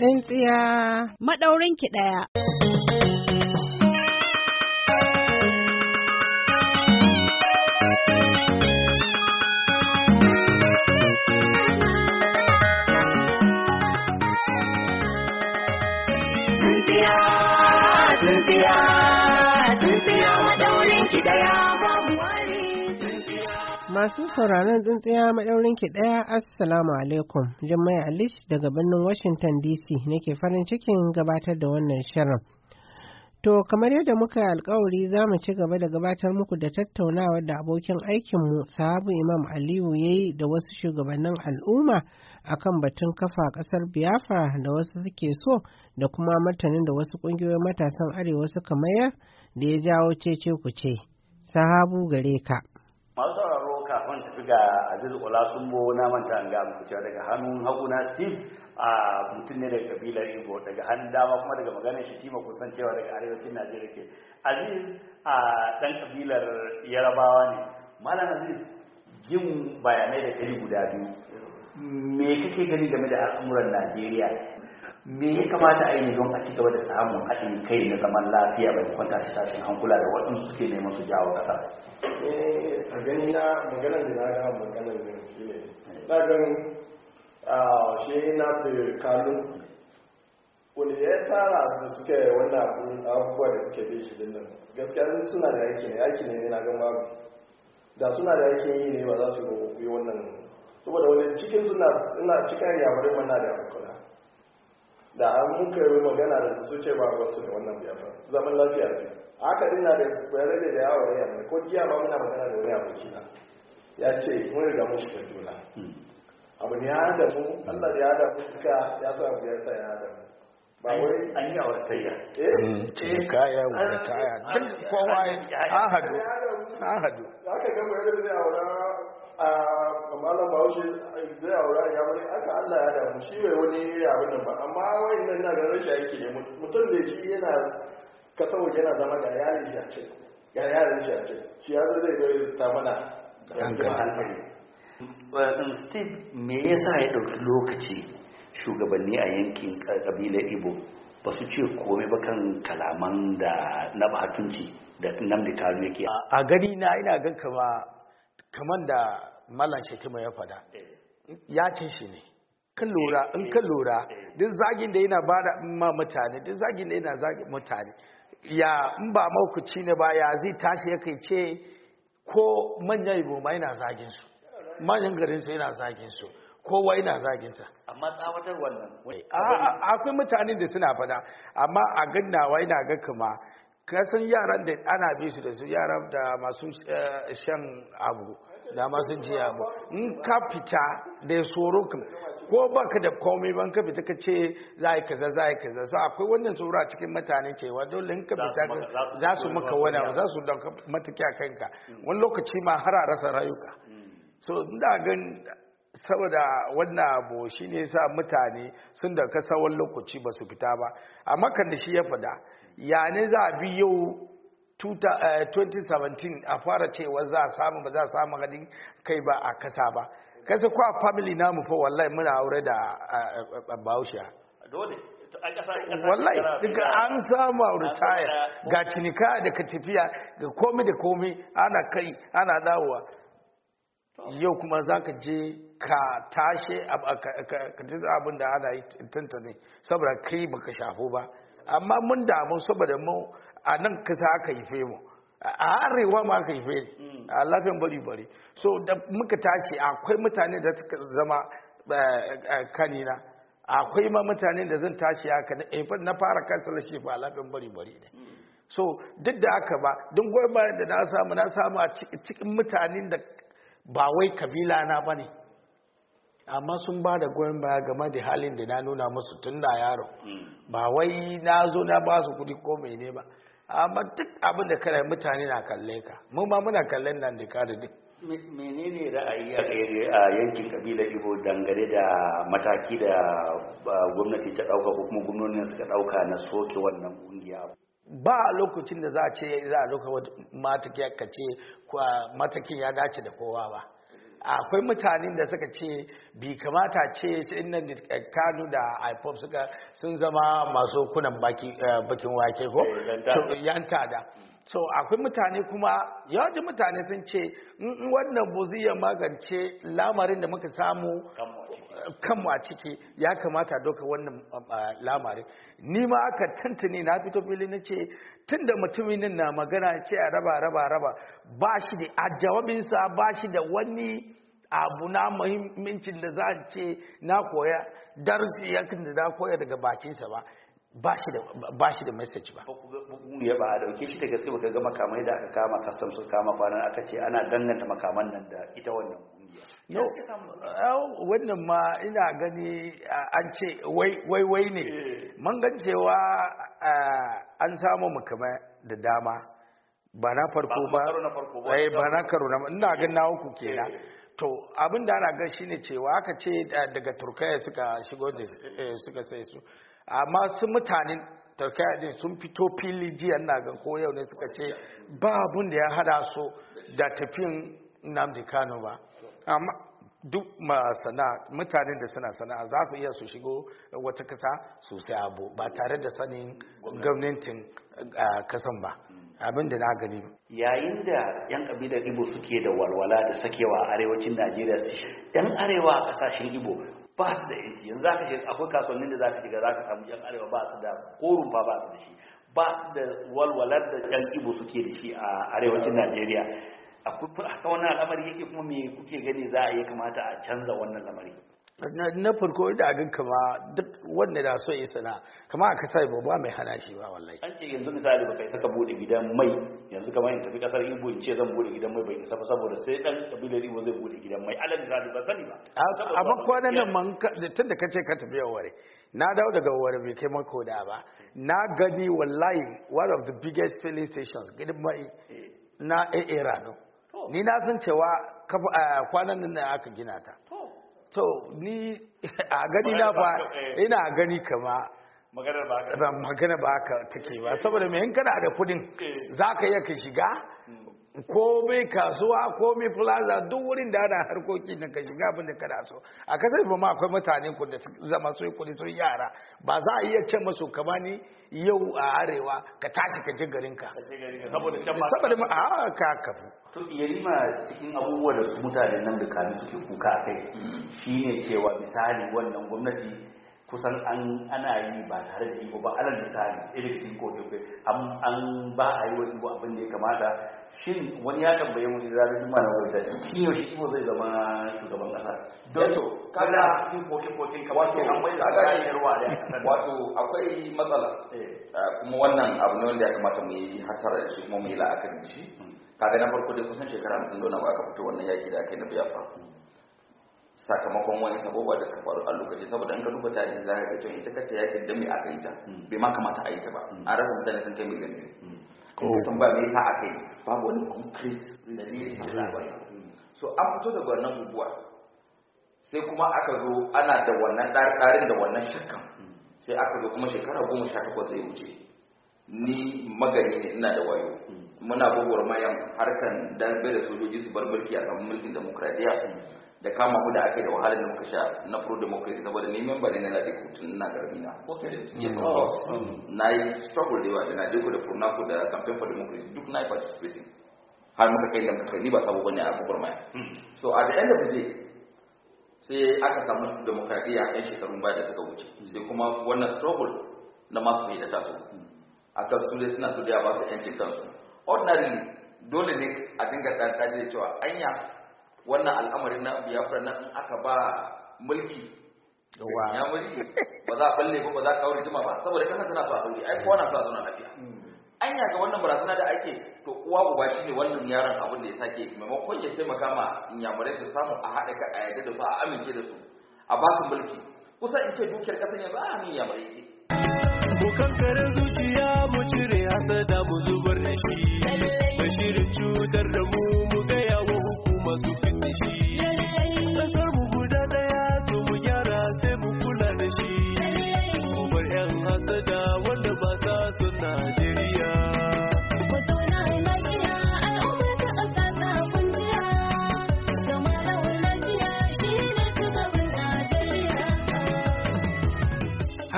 Tsintsiya. Maɗaurin ki ɗaya. Tsintsiya, tsintsiya, tsintsiya maɗaurin ki ɗaya babu wani. Masu sauraron tsintsiya maɗaurin ki ɗaya Assalamu alaikum Jummai Alish daga birnin Washington DC nake farin cikin gabatar da wannan shirin. To kamar yadda muka yi alkawari za mu ci gaba da gabatar muku da tattaunawa da abokin aikinmu sahabu Imam Aliyu ya yi da wasu shugabannin al'umma a kan batun kafa ƙasar Biafra da wasu suke so da kuma martanin da wasu ƙungiyoyin matasan arewa suka mayar da ya jawo cece ku ce. Sahabu gare ka. kafin tafi ga aziz ola sun bo na manta an ga muku cewa daga hannun hagu na steve a mutum ne daga kabilar igbo daga hannun dama kuma daga maganin shi tima kusan cewa daga arewacin najeriya ke aziz a dan kabilar yarabawa ne mana aziz jin bayanai da kari guda biyu me kake gani game da al'amuran najeriya me ya kamata a yi ne don a ci gaba da samun haɗin kai na zaman lafiya bai kwanta shi tashin hankula da waɗansu suke neman su jawo ƙasa eh, a gani na maganar da na ga maganar da shi ne na gan shi na fi kalun wani ya tara da suke wannan abubuwa da suke bai shi dinnan gaskiya suna da yake ne yake ne na gan babu da suna da yake yi ne ba za su yi wannan saboda wani cikin suna cikin yawarin wannan da ya kula da an muka yi magana da su ce ba ba su da wannan biya ba zaman lafiya ne haka dina da kwayar da yawa yawon yawa ko jiya ba muna magana da wani abu kina ya ce mun riga mun shiga juna hmm. abu ne ya da mu Allah ya da mu suka ya sa ya sa ya da mu ba wai an yi auratayya eh hmm. ce kaya wa kaya duk kowa ya hadu an hadu ga mu yadda zai aura a malam bahaushe zai aura ya bari aka Allah ya damu shi bai wani abin nan ba amma wani nan na ganin shi yake mutum da shi yana waje yana zama ga yarin shi a ce ga yarin shi a ce shi ya zai zai ta mana hankali um, steve me yasa ya ɗauki lokaci shugabanni a yankin kabilar ibo ba su ce komai ba kan kalaman da na batunci da nan da yake a gari na ina gan kama kamar da malam shatima ya fada eh. ya ce shi ne kan lura in kan eh. lura eh. duk zagin da yana ba da ma mutane duk zagin da yana zagin mutane ya in ba maukuci ne ba ya zai tashi ya kai ce ko manyan goma yana zagin su manyan garin su yana zagin su kowa yana zagin sa amma tsawatar wannan akwai mutanen da suna fada amma a gannawa yana ga kama kasan yaran da ana bi su da su yaran da masu eh, shan abu da masu ji abu in ka fita da tsoro ko baka da komai ban ka fita ka ce za yi kaza za yi kaza so akwai wannan tsoro a cikin mutane cewa dole in ka fita za su maka wani za su dauka mataki a kanka wani lokaci ma har a rasa rayuka so da gan saboda wannan abu shi ne sa mutane sun da kasa wani lokaci ba su fita ba amma kan da shi ya fada ya za a bi yau 2017 a fara cewa za a samu ba za a samu hadin kai ba a kasa ba kasa kuwa family namu fa wallahi muna aure da bahaushe dole wallahi duka an samu a ritaya ga cinika da ka tafiya ga komi da komi ana kai ana dawowa yau kuma za ka je ka tashe abin da ana yi tantane saboda kai baka shafo ba amma mun damu saboda mu a nan kasa aka haife mu a arewa ma aka haife mm. a lafiyan bari bari so da muka tashi akwai mutane da suka zama eh, eh, kanina akwai ma mutane da zan tashi haka na eh, fara kansala shi ba lafiyan bari bari ne mm. so duk da aka ba don goyon da na samu na samu a cikin mutanen da ba wai kabila na ba ne amma sun ba da goyon baya game da halin da na nuna musu tun da yaro hmm. ba wai na zo na ba su kudi ko mene ba amma duk abin da kana mutane na kalle ka mu ma muna kallon nan da kare duk menene ra'ayi a yankin kabilar ibo dangane da mataki da gwamnati ta dauka ko kuma gwamnonin suka dauka na soke wannan kungiya ba a lokacin da za a ce za a lokacin matakin ya dace da kowa ba akwai mutanen da suka ce bi kamata ce su inna kanu da ipop suka sun zama masu kunan eh, bakin wake ko eh, yan tada so akwai mutane kuma yawancin mutane sun ce wannan bu zai magance lamarin da muka samu kanmu a ciki ya kamata doka wannan lamarin ni ma aka tuntuni na fito fili na ce tun da mutumin na magana ce a raba raba raba ba shi da a jawabinsa ba shi da wani abu na muhimmancin da za a ce na koya darsi yakin da na koya daga bakinsa ba ba shi da ba shi da message ba ya ba a dauke shi da gaske baka ga makamai da aka kama customs sun kama kwanan aka ce ana danganta makaman nan da ita wannan kungiya wannan ma ina gani an ce wai wai ne eh. man cewa an samu makama da dama ba na farko ba ba na karo na eh, ina ganin na uku eh. kenan to abin da ana ga shine cewa aka ce daga turkaya suka shigo da suka sai su amma su mutanen turkiyya din sun fito fili jiya na ga ko yau ne suka ce ba abun da ya hada su da tafiyan namdi kano ba amma duk mutanen da suna sana'a za su iya su shigo wata kasa sosai abu ba tare da sanin gwamnatin kasan ba abin da na gani yayin da yan kabilar ibo suke da walwala da sakewa a arewacin najeriya yan arewa a kasashen ibo ba su da yanci yanzu za ka shiga akwai kasuwannin da za ka shiga za ka samu yan arewa ba su da korun ba ba su da shi ba su da walwalar da yan ibo suke da shi a arewacin najeriya akwai wani al'amari yake kuma me kuke gani za a yi kamata a canza wannan lamari na farko da a ganka kama duk wanda da so ya sana kama a kasar ba mai hana shi ba wallahi an ce yanzu misali ba kai saka bude gidan mai yanzu kamar in tafi kasar Igbo in ce zan bude gidan mai bai isa ba saboda sai dan kabilar Igbo zai bude gidan mai alal misali ba sani ba a ba kwanan nan man tun da kace ka tafi yaware na dawo daga ware bai kai mako da ba na gani wallahi one of the biggest filling stations gidan mai na AA Rano ni na san cewa kwanan nan aka gina ta to ni a gani na ba eh. ina gani kama magana ba haka take ba saboda mai in kana da kudin eh. za ka iya ka shiga komai kasuwa komai plaza duk wurin da ana harkoki na ka shiga abin da kana so a kasar ba ma akwai mutane ku da zama su yi kudi sun yara ba za a iya ce masu ka bani yau a arewa ka tashi ka je garin ka saboda ma a ka kafu to ma cikin abubuwa da su mutane nan da kanu suke kuka a kai shine cewa misali wannan gwamnati kusan an ana yi ba tare da iko ba alal misali irin cikin koke kai an ba a yi wani abin da ya kamata shin wani ya tambaye mu da zai zama na wanda shi ne shi ko zai zama shugaban kasa don to kada cikin koke koke ka wato an bai da ga da ruwa da wato akwai matsala eh. Eh, kuma wannan abu ne wanda ya kamata mu yi hatar shi kuma mu yi la'akari shi hmm. kaga na farko dai kusan shekara 50 da aka fito wannan yaki da kai na biya fa hmm. sakamakon wani saboba da suka faru a lokaci saboda in ka duba ta, za ka ga ita kanta ya da mai aka yi ta mm. bai ma kamata a yi ta ba mm. an rasa mutane sun kai miliyan biyu ko mm. ka ba me yasa aka yi babu wani concrete dalili so an fito daga wannan guguwa sai kuma aka zo ana da wannan ɗarin da wannan shakkan sai aka zo kuma shekara goma sha takwas zai wuce ni magani ne ina da wayo muna gogor mayan harkan dalibai da sojoji su bar mulki a saman mulkin demokradiyya da kama mu da aka yi da wahalar da muka sha na pro democracy saboda ni memba ne na Ladiku tun na garbi mm. oh, na mm. na yi struggle da yawa da Ladiku da Furnaku da campaign for democracy duk na yi participating har muka kai da muka kai ni ba sabo bane a gubar mm. so at the end of the day sai aka samu demokradiyya a yan shekarun baya da suka wuce sai kuma wannan struggle na masu mai da taso a kan su dai suna so da ya ba su yancin kansu ordinary dole ne a dinga ɗaɗɗaje cewa anya wannan al'amarin na biyafra nan in aka ba mulki ya mulki ba za a balle ba ba za a kawo ba saboda kasa tana so a sauri ai kowa na so a zauna lafiya hmm. an yaga wannan barazana da ake to uwa uba shi ne wannan yaron abin da ya sake maimakon ya taimaka ma yamurai su samu a haɗa ka a yadda da su a amince da su a ba su mulki kusa in ce dukiyar ne yanzu a hannun yamurai ke. mu kankare zuciya mu cire hasada mu zubar da shi.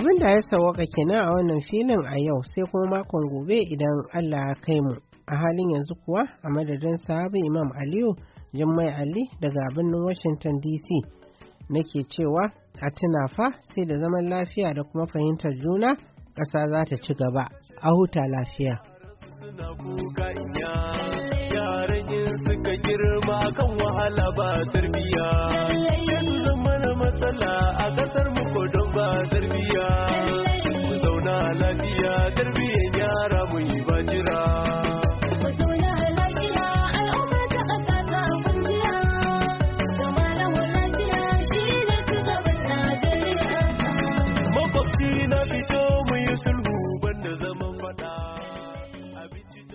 Abin da ya sauwaka kenan a wannan filin a yau sai kuma makon gobe idan Allah ya kai mu. A halin yanzu kuwa a madadin sahabi Imam Aliyu Jummai Ali daga birnin Washington DC nake cewa a tuna sai da zaman lafiya da kuma fahimtar juna ƙasa za ta ci gaba a huta lafiya. girma kan wahala ba